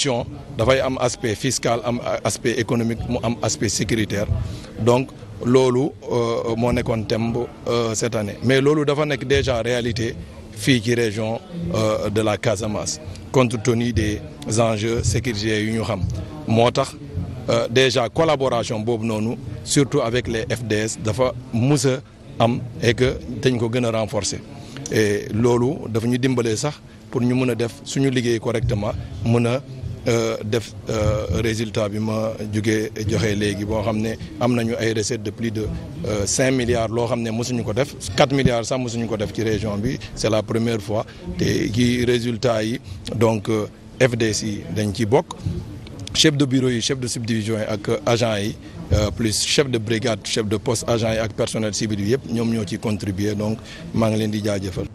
sion dafay am aspect fiscal am aspect économique mu am aspect sécuritaire donc loolu euh, moo nekkoon thème euh, cette année mais loolu dafa nekk déjà réalité fii ci région euh, de la Casamance compte tenu des enjeux sécuritaires yu ñu xam moo tax déjà collaboration boobu noonu surtout avec les FDS dafa mus am et que dañ ko gën a renforcer et loolu dafa ñu dimbalee sax pour ñu mën a def suñu liggéey correctement mën Euh, def euh, résultat bi ma jugee joxe léegi boo xam ne am nañu ay recettes de plus de euh, cinq milliards loo xam ne mosuñu ko def quatre milliards sax mosuñu ko def ci région bi c'est la première fois kii résultat yi donc FDS yi dañ ci bokk chef de bureau yi chef de subdivision yi ak agent yi plus chef de brigade chef de poste agent yi ak personnel civil yi yëpp ñoom ñoo ci contribuer donc maa ngi leen di jaajëfal